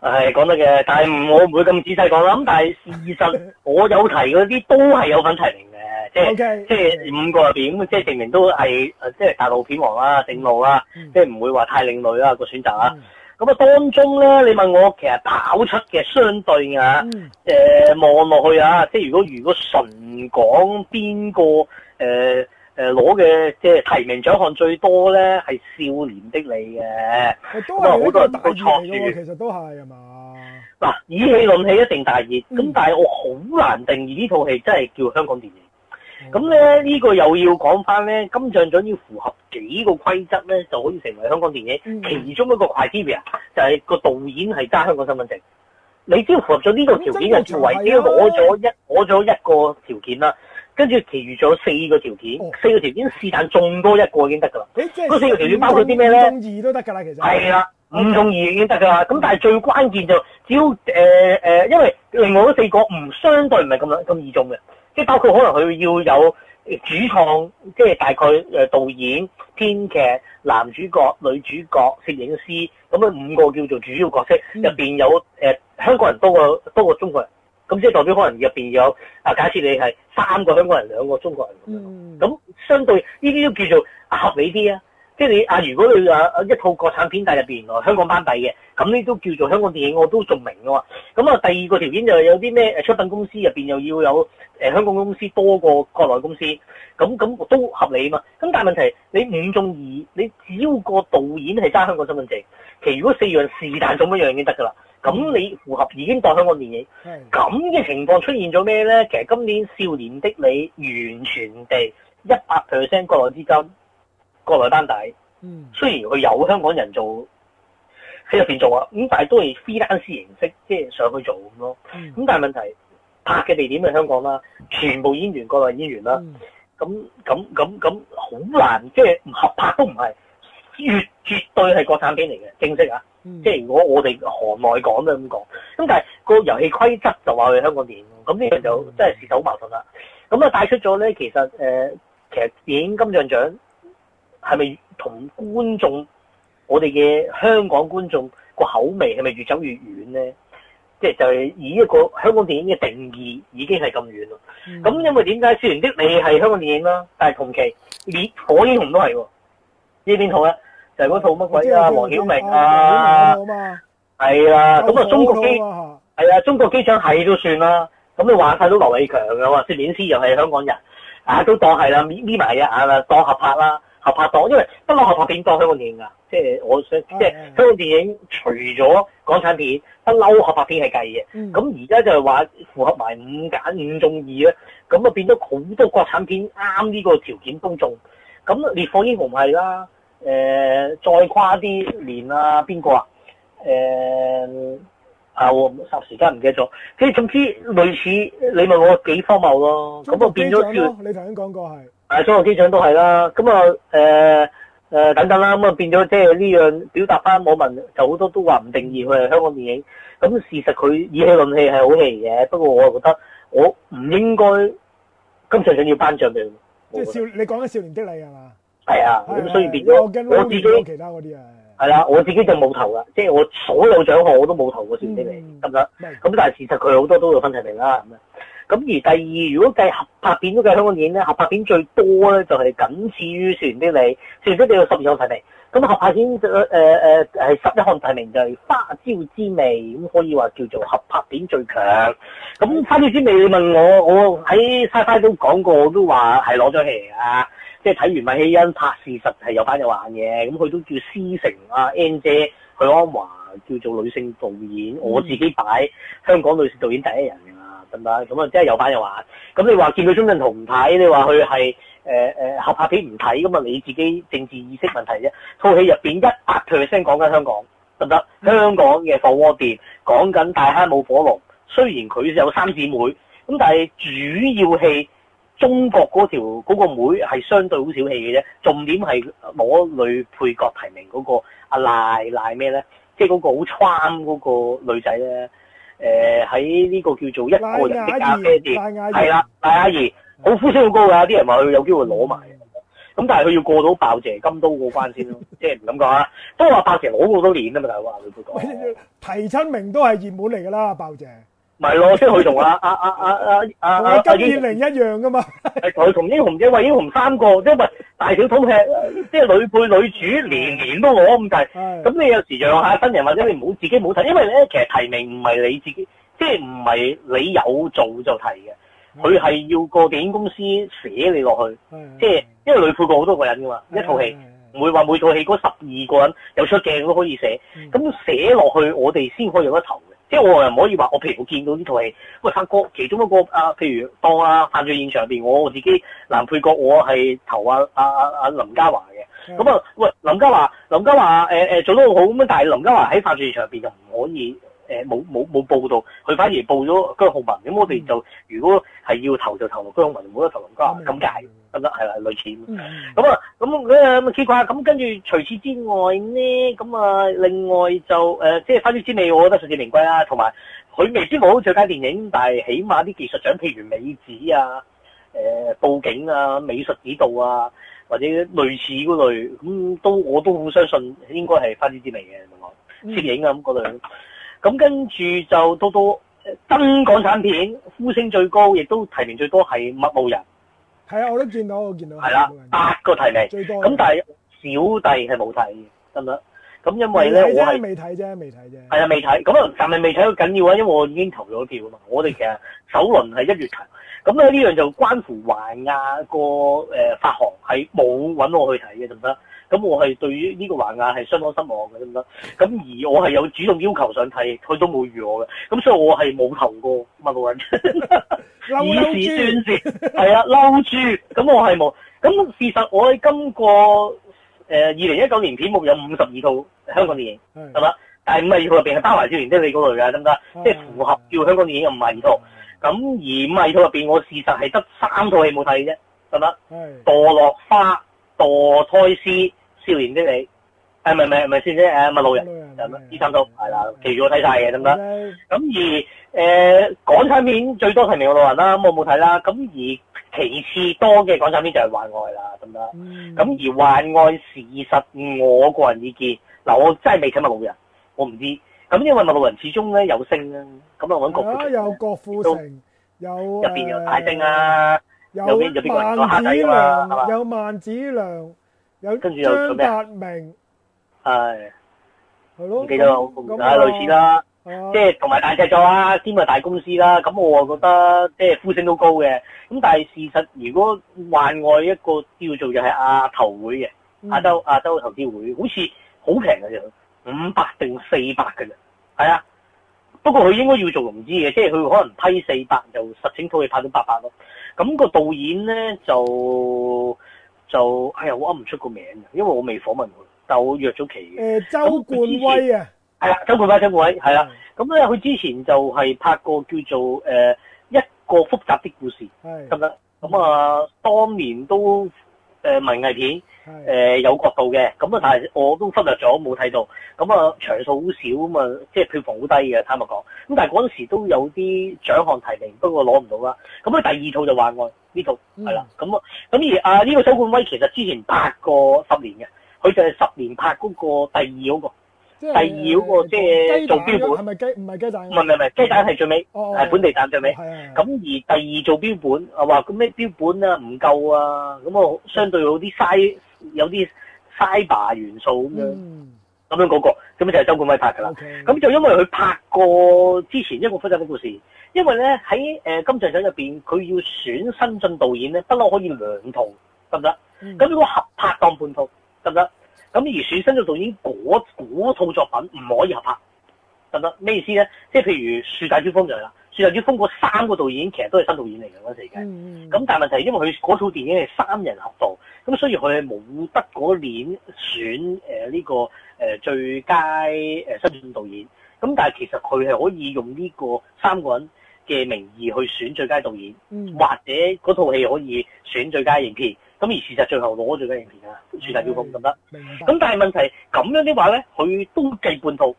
係講得嘅，但係我唔會咁仔細講啦。咁但係事實我有提嗰啲都係有份提名嘅 Okay, okay.，即係即係五個入邊，即係證明都係誒、即係大陸片王啦、啊、正路啦、啊，嗯、即係唔會話太另類啦、啊那個選擇啊。咁啊、嗯、當中咧，你問我其實跑出嘅相對啊，誒望落去啊，即係如果如果純講邊個誒？呃誒攞嘅即係提名獎項最多咧，係少年的你嘅，咁啊好多人都錯嘅，其實都係係嘛？嗱，以戲論戲一定大熱，咁、嗯、但係我好難定義呢套戲真係叫香港電影。咁咧、嗯嗯、呢、呢個又要講翻咧，金像獎要符合幾個規則咧，就可以成為香港電影。嗯、其中一個 idea 就係個導演係揸香港身份證，你只要符合咗呢個條件就叫為，只要攞咗一攞咗一個條件啦。跟住，其餘仲有四個條件，哦、四個條件是但中多一個已經得噶啦。嗰四個條件包括啲咩咧？中二都得噶啦，其實係啦，五的、嗯、中二已經得噶啦。咁、嗯、但係最關鍵就是，只要誒誒、呃呃，因為另外嗰四個唔相對唔係咁難咁易中嘅，即係包括可能佢要有主創，即係大概誒導演、編劇、男主角、女主角、攝影師，咁樣五個叫做主要角色，入邊、嗯、有誒、呃、香港人多過多過中國人。咁即係代表可能入面有啊，假設你係三個香港人，兩個中國人，咁、嗯、相對呢啲都叫做合理啲啊！即、就、係、是、你啊，如果你啊一套國產片帶入面，香港班底嘅，咁呢都叫做香港電影，我都仲明嘅喎。咁啊，第二個條件就係有啲咩出品公司入面又要有香港公司多過國內公司，咁咁都合理啊嘛。咁但係問題，你五中二，你只要個導演係揸香港身份證，其實如果四樣是但做乜樣已經得㗎啦。咁你符合已經當香港電影咁嘅的情況出現咗咩咧？其實今年《少年的你》完全地一百 percent 國內資金、國內單底，嗯、雖然佢有香港人做喺入面做啊，咁但係都係 freelancer 形式即係、就是、上去做咁咯。咁、嗯、但係問題拍嘅地點係香港啦，全部演員國內演員啦，咁咁咁咁好難，即係唔合拍都唔係。越絕對係國產片嚟嘅，正式啊！嗯、即係如果我哋行內講都咁講，咁但係個遊戲規則就話去香港電影，咁呢樣就真係事實好矛盾啦。咁啊帶出咗咧，其實誒、呃，其實電影金像獎係咪同觀眾，我哋嘅香港觀眾個口味係咪越走越遠咧？即係就係、是、以一個香港電影嘅定義已經係咁遠咯。咁、嗯、因為點解雖然啲你係香港電影啦，但係同期烈火英雄都係喎，你認同啊？就嗰套乜鬼啊？黃曉明啊，係啦，咁啊，中國機係啊，中國機長係都算啦。咁你話晒都劉偉強噶喎，攝影師又係香港人，啊都當係啦，搣搣埋眼啦，當合拍啦，合拍當，因為不嬲合拍片當香港電影啊。即、就、係、是、我想，即、就、係、是、香港電影除咗港產片，不嬲合拍片係計嘅。咁而家就話符合埋五揀五中二咧，咁啊變咗好多國產片啱呢個條件公中，咁《烈火英雄》係啦。誒、呃，再跨啲年啊邊個啊？誒、呃、啊，我霎時間唔記得咗。即係總之類似，你問我幾荒謬咯、啊？咁啊變咗你頭先講過係。誒，中國機場都係啦。咁啊誒誒等等啦、啊。咁啊變咗即係呢樣表達翻網民就好多都話唔定義佢係香港電影。咁事實佢以戲論戲係好戲嘅。不過我覺得我唔應該今場想要頒獎俾即係少你講緊少年的你係嘛？係啊，咁的所以變咗的我自己，係啦的，我自己就冇投啦，嗯、即係我所有獎項我都冇投過《少年的你》，得唔得？咁的的但係事實佢好多都有分提名啦，咁咁的而第二，如果計合拍片都計香港電影咧，合拍片最多咧就係僅次於《少年的你》，《少年的你》有十二項提名。咁合拍片誒誒係十一項提名，就係《花椒之味》，咁可以話叫做合拍片最強。咁《花椒之味》你問我，我喺 Sci-Fi 都講過，我都話係攞咗戲嚟。啊。即係睇完麥曦茵拍、拍事實係有翻有玩嘅，咁佢都叫師承啊 N 姐，許鞍華叫做女性導演，我自己擺香港女性導演第一人㗎、啊、嘛，得唔得？咁啊，即係有翻有玩。咁你話見佢中印圖唔睇，你話佢係誒合拍片唔睇，咁啊你自己政治意識問題啫。套戲入面一百 percent 講緊香港，得唔得？嗯、香港嘅火鍋店講緊大坑冇火龍，雖然佢有三姊妹，咁但係主要戲。中國嗰條嗰個妹係相對好小氣嘅啫，重點係攞女配角提名嗰個阿、啊、賴賴咩咧？即係嗰個好慘嗰個女仔咧。誒喺呢個叫做一個人嘅咖啡店係啦，賴阿姨好呼聲好高㗎，啲人話佢有機會攞埋。咁但係佢要過到爆姐金都嗰關先咯，即係唔敢講啦。不過爆姐攞過好多年啊嘛，大佬話佢女配角。提親名都係熱門嚟㗎啦，爆姐！咪咯，即係佢同阿阿阿阿阿阿阿金二零一樣噶嘛。係佢同英雄姐話英雄三個，因為大小通吃，即係女配女主年年都攞咁提。咁 你有時讓下新人， 或者你唔好自己唔好提，因為咧其實提名唔係你自己，即係唔係你有做就提嘅。佢係 要個電影公司寫你落去，即係 因為女配角好多個人噶嘛，一套戲唔 會話每套戲嗰十二個人有出鏡都可以寫。咁 寫落去，我哋先可以有得投。即係我又唔可以話，我譬如我見到呢套戲，喂，發哥其中一個啊，譬如當啊犯罪現場入面，我自己男配角我係投啊啊啊林嘉華嘅，咁啊、嗯，喂，林嘉華，林嘉華誒、欸、做得好好。咁，但係林嘉華喺犯罪現場入面就唔可以。誒，冇冇冇報道，佢反而報咗姜浩文，咁、嗯、我哋就如果係要投就投姜浩文，冇得投咁嘉，尷尬得係啦，就是、類似咁啊，咁誒、嗯呃、奇怪，咁跟住除此之外呢，咁啊另外就誒、呃、即係花椒之味，我覺得實至名歸啦、啊，同埋佢未必好著緊電影，但係起碼啲技術獎，譬如美指啊、誒布景啊、美術指導啊，或者類似嗰類，咁都我都好相信應該係花椒之味嘅，同、嗯、攝影啊咁嗰咁跟住就到到登港產片呼聲最高，亦都提名最多係《麥路人》。係啊，我都見到，我見到。係啦，八個提名。最多。咁但係小弟係冇睇，得唔得？咁因為咧，我係未睇啫，未睇啫。係啊，未睇。咁啊，係咪未睇到緊要啊？因為我已經投咗票啊嘛。我哋其實首輪係一月頭。咁咧呢樣就關乎環亞個誒發行係冇搵我去睇嘅，得唔得？咁我係對於呢個環亞係相當失望嘅，得唔得？咁而我係有主動要求想睇，佢都冇預我嘅，咁所以我係冇投過乜路人以 是算事，係啊，嬲豬！咁我係冇。咁事實我喺今個誒二零一九年片目有五十二套香港電影，係嘛？是但係五十二套入邊係包埋少年即係你嗰類嘅，得唔得？即係符合叫香港電影又唔係二套。咁是而五十套入邊，我事實係得三套戲冇睇嘅啫，係咪？墮落是花、墮胎師。少年的你，誒，唔係唔係唔係算啫，誒麥路人第三套係啦，其餘我睇晒嘅咁樣。咁而誒港產片最多提名係麥路人啦，咁我冇睇啦。咁而其次多嘅港產片就係幻愛啦，咁樣。咁而幻愛事實我個人意見，嗱我真係未睇麥路人，我唔知。咁因為麥路人始終咧有星啦，咁啊，揾郭富。有郭富城，有入邊有大星啊，有邊有邊個黑仔㗎嘛？有萬梓良。跟住又做咩？名。張達明係係咯，記那我記得好唔錯啊，類似啦，即係同埋大製作啦、啊，兼有大公司啦、啊，咁我啊覺得即係呼聲都高嘅，咁但係事實如果還外一個叫做就係亞投會嘅亞、嗯、洲亞洲投資會，好似好平嘅咋，五百定四百嘅咋，係啊，不過佢應該要做融資嘅，即係佢可能批四百，就實情佢會拍到八百咯，咁、那個導演咧就。就哎呀，我啱唔出個名嘅，因為我未訪問佢，但係我約咗期、呃。周冠威啊，係啦、啊，周冠威，周冠威係啦。咁咧，佢、嗯、之前就係拍過叫做誒、呃、一個複雜的故事咁啦。咁、嗯、啊，當年都誒、呃、文藝片誒的、呃、有角度嘅。咁啊，但係我都忽略咗，冇睇到。咁啊，場數好少啊嘛，即係票房好低嘅，坦白講。咁但係嗰陣時都有啲獎項提名，我不過攞唔到啦。咁佢第二套就話我。呢度，係啦，咁、嗯、啊，咁而啊呢個周冠威其實之前拍過十年嘅，佢就係十年拍嗰個第二嗰、嗰個，第二嗰個即係做、啊、做標本。係咪雞？唔係雞蛋、啊，唔係唔係唔係雞蛋係最尾，係、哦哦、本地蛋最尾。咁的而第二做標本，我話咁咩標本啊唔夠啊，咁我，相對有啲嘥，有啲 Cyber 元素咁樣，咁樣嗰個，咁就係周冠威拍㗎啦。咁 Okay. 就因為佢拍過之前一個非洲嘅故事。因為咧喺誒金像獎入邊，佢、呃、要選新晉導演咧，不嬲可以兩套得唔得？咁、mm hmm. 如果合拍當半套得唔得？咁而選新晉導演嗰套作品唔可以合拍得唔得？咩意思咧？即係譬如樹大招風、就係《樹大招風》啦，《樹大招風》嗰三個導演其實都係新導演嚟嘅嗰陣時嘅。咁、mm hmm. 但係問題係因為佢嗰套電影係三人合導，咁所以佢係冇得嗰年選誒呢、呃這個誒、呃、最佳誒、呃、新晉導演。咁但係其實佢係可以用呢個三個人。嘅名義去選最佳導演，嗯、或者嗰套戲可以選最佳影片，咁而事實最後攞最佳影片啊，算係叫捧就得。咁但係問題咁樣的話咧，佢都計半套，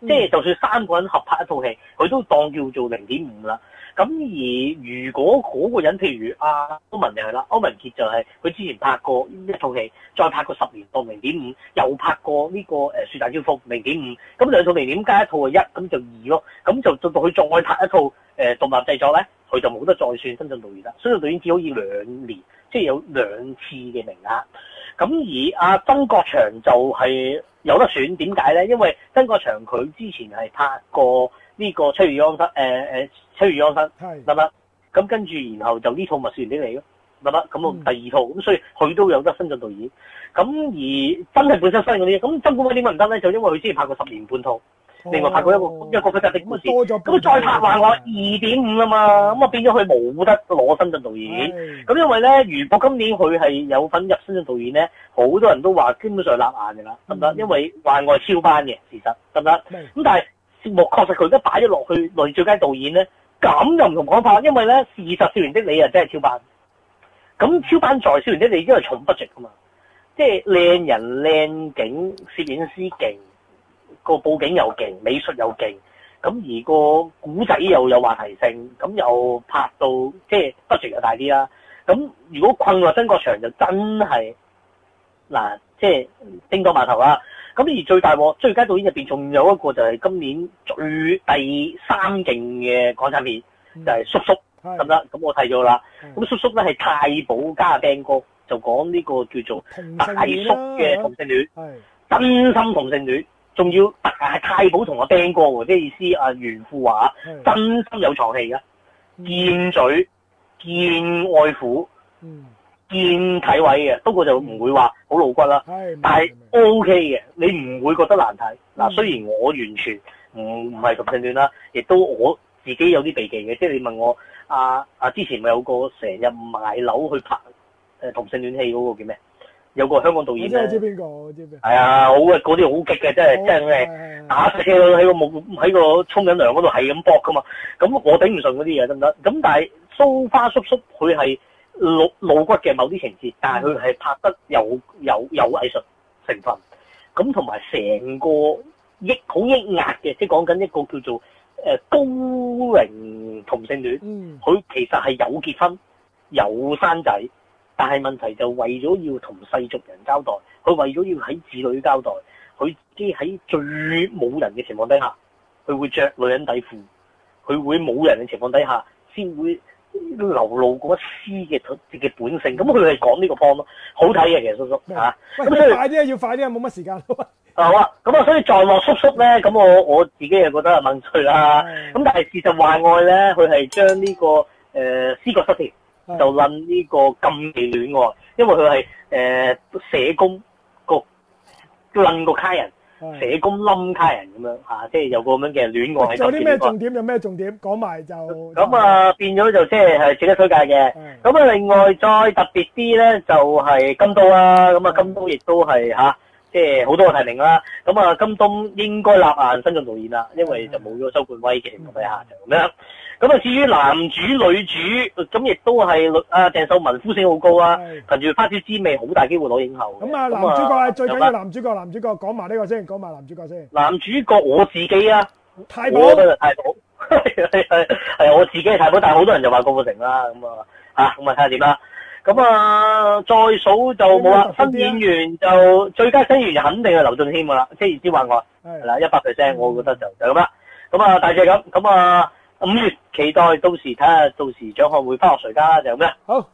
嗯、即係就算三個人合拍一套戲，佢都當叫做零點五啦。咁而如果嗰個人，譬如阿歐文就係啦，歐文傑就係、是、佢之前拍過一套戲，再拍過十年到零點五，又拍過呢、這個誒、呃《樹大招風》零點五，咁兩套零點加一套啊一，咁就二咯。咁就到到佢再拍一套誒、呃、動物製作咧，佢就冇得再算新晉導演啦。新晉導演只可以兩年，即、就、係、是、有兩次嘅名額。咁而阿、啊、曾國祥就係有得選，點解咧？因為曾國祥佢之前係拍過。呢個七月二號室，誒誒七月二號室，得唔得？咁跟住，然後就呢套物傳俾你咯，得唔得？咁啊第二套，咁、嗯、所以佢都有得新晉導演。咁而真係本身新嘅啲，咁周冠威點解唔得咧？就因為佢之前拍過十年半套，哦、另外拍過一個、哦、一個複雜故事、嗯，多咗。咁佢再拍幻愛二點五啊嘛，咁啊變咗佢冇得攞新晉導演。咁是因為咧，如果今年佢係有份入新晉導演咧，好多人都話基本上立眼嘅啦，得唔得？嗯、因為幻愛超班嘅事實，得唔得？咁是但係。節目確實佢都擺咗落去，攞最佳導演咧，咁又唔同講法，因為咧，事實《少年的你》又真係超班。咁超班在《少年的你》，因為重不值啊嘛，即係靚人靚景，攝影師勁，個佈景又勁，美術又勁，咁而個古仔又有話題性，咁又拍到即係不值又大啲啦。咁如果困落曾國祥就真係嗱，即係叮多碼頭啦、啊咁而最大鑊，最佳導演入面仲有一個就係今年最第三勁嘅港產片，嗯、就係《叔叔》咁啦。咁、嗯、我睇咗啦。咁《叔叔》咧係太保加阿丁哥，就講呢個叫做大，大叔嘅同性戀，嗯、真心同性戀，仲要太太保同阿丁哥喎。即係意思，阿、啊、袁富華，是真心有床戲嘅、嗯，見嘴見愛撫嗯見體位嘅，不過就唔會話好露骨啦，但係 O K 嘅，你唔會覺得難睇嗱？嗯、雖然我完全唔唔係同性戀啦，亦、嗯、都我自己有啲避忌嘅，即係你問我阿阿、啊啊、之前咪有個成日賣樓去拍誒、啊、同性戀戲嗰個叫咩？有個香港導演，我知唔知邊個？我知係啊，好嘅、哎，嗰啲好激嘅，真係、哦、真係的打死喺個木喺 個沖緊涼嗰度係咁搏噶嘛，咁我頂唔順嗰啲嘢得唔得？咁但係蘇花叔叔佢係。嗯露露骨嘅某啲情節，但佢係拍得有有有藝術成分，咁同埋成個抑好抑壓嘅，即係講緊一個叫做誒、呃、高齡同性戀，佢、嗯、其實係有結婚有生仔，但係問題就為咗要同世俗人交代，佢為咗要喺子女交代，佢啲喺最冇人嘅情況底下，佢會著女人底褲，佢會冇人嘅情況底下先會。流露過一絲嘅佢自己本性，咁佢係講呢個 point 咯，好睇嘅其實叔叔吓，咁所以快啲啊，要快啲啊，冇乜時間啊， 好啊，咁啊，所以在落叔叔咧，咁我我自己又覺得係問趣啦、啊，咁 但係事實話外咧，佢係將呢個誒思覺失調， 就撚呢個禁忌戀愛，因為佢係誒社工叫個撚個卡人。社工冧卡人咁樣吓，即係有個咁樣嘅戀愛。有啲咩重點？有咩重點？講埋就咁啊，變咗就即係係值得推介嘅。咁啊，另外再特別啲咧，就係金都啦。咁啊，金都亦都係吓，即係好多個提名啦。咁啊，金都應該立硬新晉導演啦，因為就冇咗周冠威嘅咁啊，就咁樣。咁啊，至於男主女主，咁亦都係啊鄭秀文呼聲好高啊，憑住花椒之味好大機會攞影后。咁啊，男主角最佳嘅男主角，男主角講埋呢個先，講埋男主角先。男主角我自己啊，太我寶，係太係，係 我自己太太保，但係好多人就話郭富城啦，咁啊啊咁啊睇下點啦。咁啊，啊，啊，啊，啊，再數就冇啦。新演員就最佳新演員肯定係劉俊謙啊啦，即係意思話我啦，一百 percent，我覺得就就咁啦。咁的啊，大致咁，咁啊。五月期待到時睇下，到時獎項會花落誰家就咁啦。好。